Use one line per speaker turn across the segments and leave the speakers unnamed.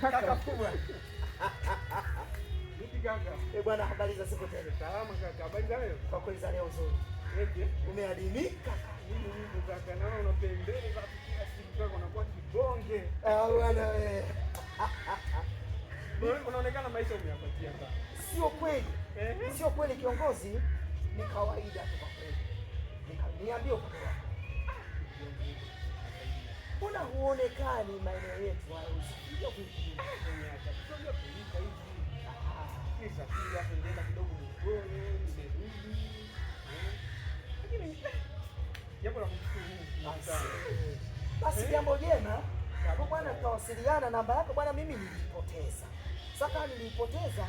Kaka kubwa.
Vipi kaka?
Eh, bwana habari za siku tena.
Salama kaka. Habari za leo?
Kwa kweli za leo nzuri. Eje, umeadimika kaka.
Mimi niko kaka naona unapendeza kila siku kaka unakuwa kibonge.
Ah eh. bwana
wewe. Unaonekana maisha umeyapatia kaka.
Sio kweli. Eh? Sio kweli kiongozi, ni kawaida tu kwa kweli. Niambie upande wako. Mbona huonekani maeneo yetu hayo?
kabisa, nilienda kidogo Migore, nimerudi, jambo la kumshukuru.
Basi jambo jema kwa bwana, tutawasiliana. Namba yako bwana, mimi nilipoteza. saka, nilipoteza,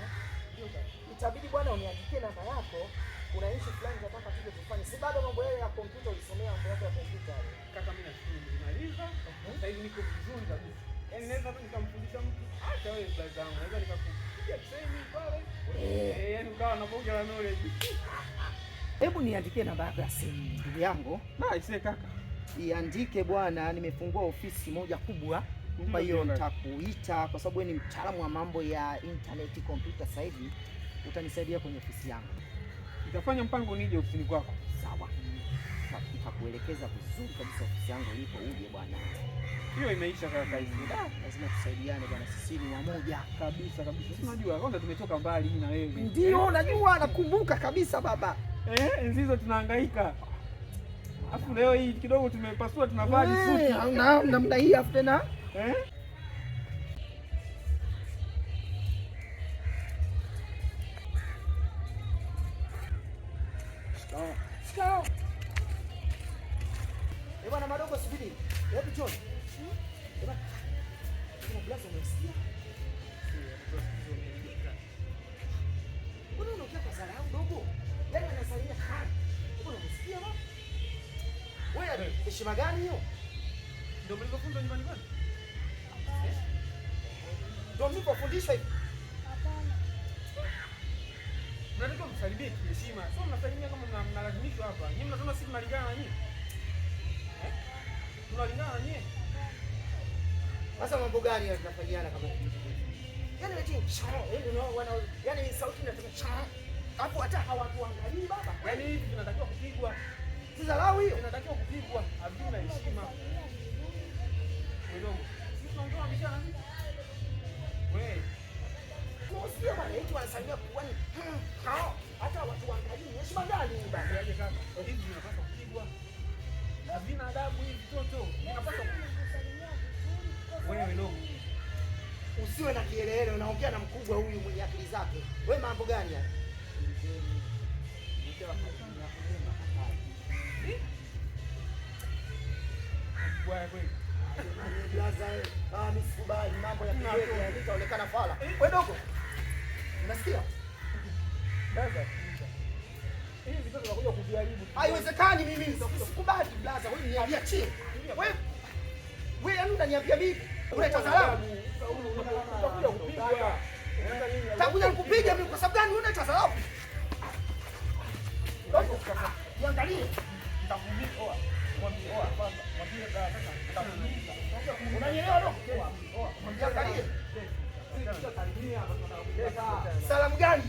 itabidi bwana uniandikie namba yako. Kuna issue fulani nataka tuje tufanye, si bado mambo yale ya kompyuta ulisomea mambo yako ya kompyuta.
Kaka mimi nashukuru, nimaliza mhm. sasa hivi, niko vizuri kabisa. Yaani naweza tu nikamfundisha mtu wewe Naweza training pale. Eh, yaani ukawa na bonge la knowledge.
Hebu niandikie namba yako ya simu ndugu yangu.
Na ise kaka.
Iandike bwana, nimefungua ofisi moja kubwa. Kwa hiyo nitakuita kwa sababu wewe ni mtaalamu wa mambo ya internet computer sasa hivi. Utanisaidia kwenye ofisi yangu.
Nitafanya mpango nije ofisini kwako. Sawa
ikakuelekeza vizuri kabisa, ofisi yangu ipo, uje bwana.
Hiyo imeisha kaka,
ah, lazima tusaidiane bwana, sisi ni wamoja
kabisa kabisa. Unajua kwanza tumetoka mbali mimi na wewe,
ndio najua, nakumbuka kabisa baba.
Eh, nzizo tunahangaika, afu leo hii kidogo tumepasua, tunavaa eh, vizuri
na namna hii, afu tena eh go. Eh, bwana madogo sibidi. Hebu John. Eh, bwana. Kuna blasa umesikia? Mbona unaongea kwa sala yangu dogo? Yaani anasalia hali. Mbona umesikia bwana? Wewe heshima gani hiyo?
Ndio mlivyofunzwa nyumbani kwani? Eh?
Ndio mlipofundishwa hivi.
Hapana.
Mnatakiwa msalimie kiheshima. Sio mnasalimia kama mnalazimishwa hapa. Nyinyi mnasema sisi tunalingana na nyinyi.
Sasa mambo gani tunafanyiana kama hivi? Yaani eti yaani sauti inatoka cha. Hapo hata hawatuangalii baba.
Yaani hivi tunatakiwa kupigwa. Si dharau hiyo. Tunatakiwa kupigwa. Hakuna heshima. Wewe. Tunaondoa bishana. Wewe.
Kusikia bana eti wanasalimia kwani. Hmm, hao hata watu waangalii heshima gani baba?
Yaani kama hivi tunapaswa havina adabu hivi toto. wewe dogo,
usiwe na kielele. Unaongea na mkubwa huyu mwenye akili zake, we mambo gani haya? Ah, Misikubali mambo ya kielele, itaonekana fala. We dogo, unasikia?
unakuja kuviharibu.
Haiwezekani mimi sikubali blaza, wewe niambia chini. Wewe wewe yani unaniambia salamu. mimi kwa sababu gani salamu? Niangalie. Unanielewa Salamu gani?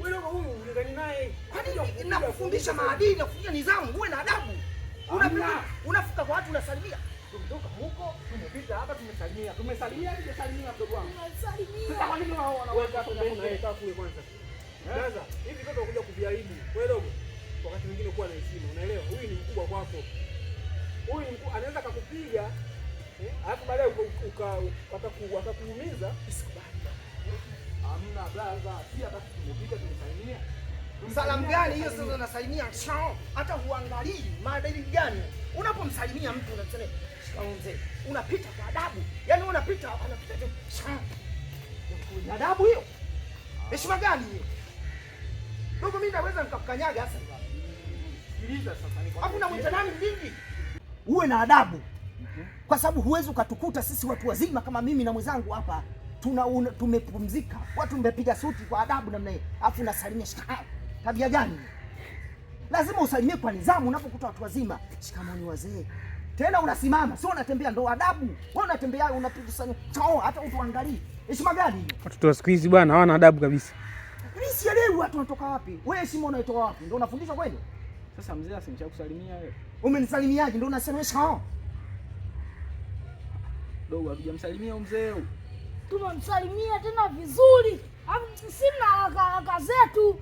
Wewe huyu ulingani naye. Kwani nakufundisha maadili na kufundisha nidhamu, uwe na adabu. Unapita, unafuka kwa watu unasalimia. Tumetoka huko, tumepita hapa tumesalimia. Tumesalimia hadi tumesalimia mdogo wangu. Tumesalimia. Sasa kwa nini wao wanaweka hapo na yeye kule kwanza? Eh? Sasa hivi ndio unakuja kuviaibu. Wewe dogo, wakati mwingine kuwa na heshima, unaelewa? Huyu ni mkubwa kwako. Huyu mkubwa anaweza akakupiga eh, alafu baadaye ukakuumiza, isikubali. Hamna brother, si hata tumepika tumesalimia. Salamu gani hiyo sasa unasalimia? Chao. Hata huangalii maadili gani. Unapomsalimia mtu unasema chao mzee. Unapita kwa adabu. Yaani unapita anapita tu chao. Ni adabu hiyo. Heshima gani hiyo? Ndugu, mimi naweza nikakukanyaga sasa. Sikiliza sasa ni kwa. Hakuna mwita nani mingi. Uwe na adabu. Mhm. Kwa sababu huwezi ukatukuta sisi watu wazima kama mimi na mwenzangu hapa tuna tumepumzika, watu mmepiga suti kwa adabu namna hii, afu nasalimia shikamoo. Tabia gani? Lazima usalimie kwa nidhamu unapokuta watu wazima, Shikamoni wazee. Tena unasimama, sio unatembea, ndo adabu. Wewe unatembea unapiga sana. chao, hata utuangalie. Heshima gani hiyo? Watoto wa siku hizi bwana hawana adabu kabisa. Mimi sielewi watu wanatoka wapi. Wewe heshima unaitoa wapi? Ndio unafundishwa kweli? Sasa mzee asimcha kusalimia wewe. Umenisalimiaje? Ndio unasema heshima. Dogo, hakujamsalimia mzee tumemsalimia tena vizuri, sina haraka zetu,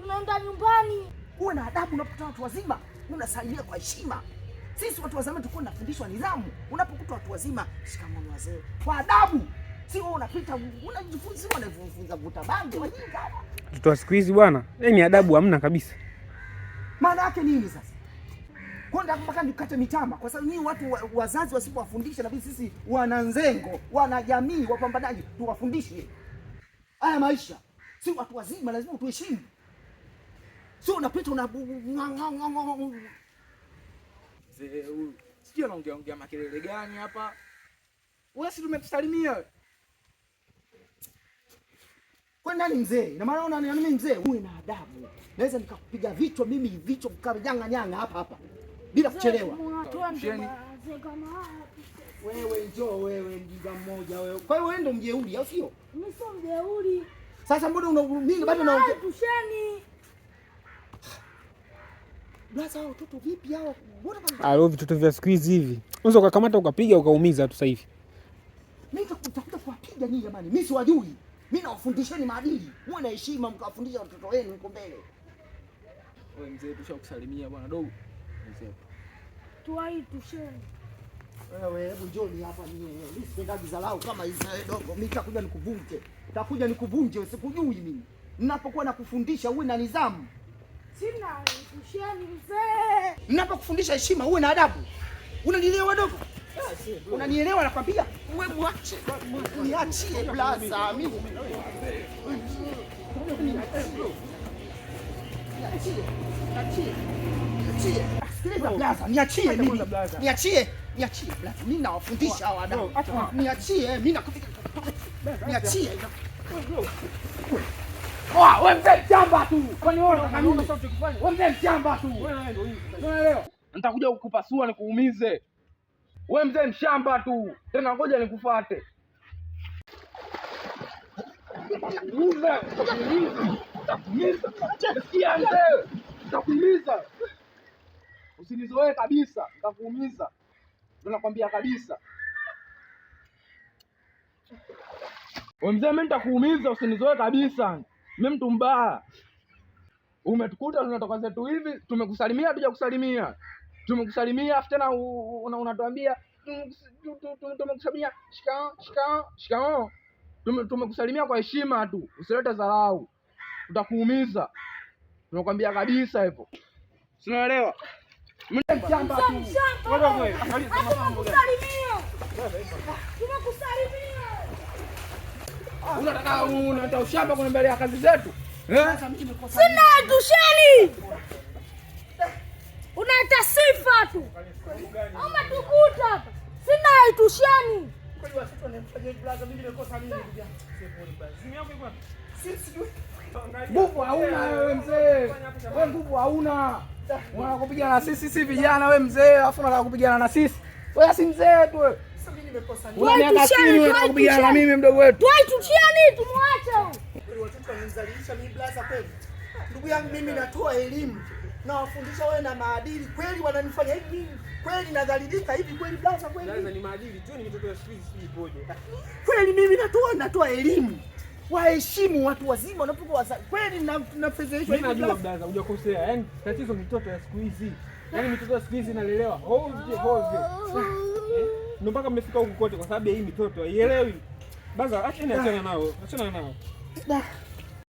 tunaenda nyumbani. Uwe na adabu unapokutana watu wazima, unasalimia kwa heshima. Sisi watu wazima tulikuwa tunafundishwa nidhamu, unapokuta watu wazima, shikamoo wazee, kwa adabu. Si wewe unapita unajifunza, unajifunza vuta bangi, wajinga. Mtoto wa siku hizi bwana, ni yaani adabu hamna kabisa. Maana yake nini sasa? Kwa ndio mpaka nikate mitama, kwa sababu nyinyi watu wa, wazazi wasipowafundisha, na sisi wananzengo, wanajamii, wana jamii, wapambanaji, tuwafundishe haya maisha. Si watu wazima, lazima tuheshimu, sio unapita una mzee huyu sijui anaongea ongea makelele gani hapa. Wewe si tumekusalimia wewe kwenda ni mzee, na maana unaona mimi mzee, uwe na adabu. Naweza nikakupiga vichwa mimi vichwa nyanga nyanga hapa hapa bila kuchelewa. Wewe njoo wewe, mjinga mmoja wewe. Kwa hiyo wewe ndio mjeuri au sio? Mimi sio mjeuri. Sasa mbona una unahurumia bado unaongea? Tusheni. Blaza hao watoto vipi hao? Mbona kama Hao vitoto vya siku hizi hivi. Unaweza ukakamata ukapiga ukaumiza tu sasa hivi. Mimi nitakutafuta kuwapiga nyinyi jamani. Mimi siwajui. Mimi nawafundisheni maadili. Muwe na heshima mkawafundisha watoto wenu huko mbele. Wewe mzee tushakusalimia bwana dogo. Mzee tuwai tusheni. Wewe hebu njoni hapa sipendaji dharau kama hizi dogo. Mimi nitakuja nikuvunje, nitakuja nikuvunje, usikujui mimi. Ninapokuwa nakufundisha uwe na nidhamu. Sina tusheni mzee. Ninapokufundisha heshima uwe na adabu. Unanielewa dogo? Unanielewa nakwambia? Wewe mwache. Niachie blaza mimi. Niachie. Niachie. Niachie. Sikiliza oh. blaza, niachie mimi. Niachie, niachie blaza. Mimi nawafundisha hawa oh. wadau. Oh, niachie, mimi Niachie. Oa, wewe mzee tu. Kwani wewe unataka nini? Wewe mzee tu. Unaelewa? Nitakuja kukupasua nikuumize. Wewe mzee mshamba tu. Tena ngoja nikufuate. Usinizoee kabisa, nitakuumiza. Ndio nakwambia kabisa. Wewe mzee, mimi nitakuumiza, usinizoee kabisa. Mimi mtu mbaya. Umetukuta tunatoka zetu hivi, tumekusalimia tujakusalimia. Tumekusalimia afu tena unatuambia tumekusalimia shikao shikao shikao. Tumekusalimia kwa heshima tu, usilete dharau, tutakuumiza. Tunakwambia kabisa hivyo, sinaelewa. Unataka ushamba kuna mbele ya kazi zetu? Sina tusheni, unaita sifa tu ama tukuta, sina tusheni nguvu hauna wewe mzee, wewe nguvu hauna Unataka kupigana na sisi si vijana wewe mzee, alafu unataka kupigana na sisi. Wewe si mzee tu wewe. Sasa mimi nimekosa nini? Wewe miaka unataka kupigana na mimi mdogo wetu. Twai tuchiani tumwache huyo wewe Watoto wanizalisha mimi blaza kweli. Ndugu yangu mimi natoa elimu. Nawafundisha wewe na maadili kweli wananifanya hivi. Kweli nadhalilika hivi kweli blaza kweli. Blaza ni maadili tu ni mtoto wa siku hizi sipoje. Kweli mimi natoa natoa elimu waheshimu watu wazima wanapokuwa kweli, nafedhehishwa hivi. Najua brother, hujakosea. Yaani tatizo mitoto ya siku hizi, yaani mitoto ya siku hizi inalelewa hovyo hovyo, eh? ndio mpaka mmefika huku kote, kwa sababu ya hii mitoto haielewi. Brother, achana nao, achana nao.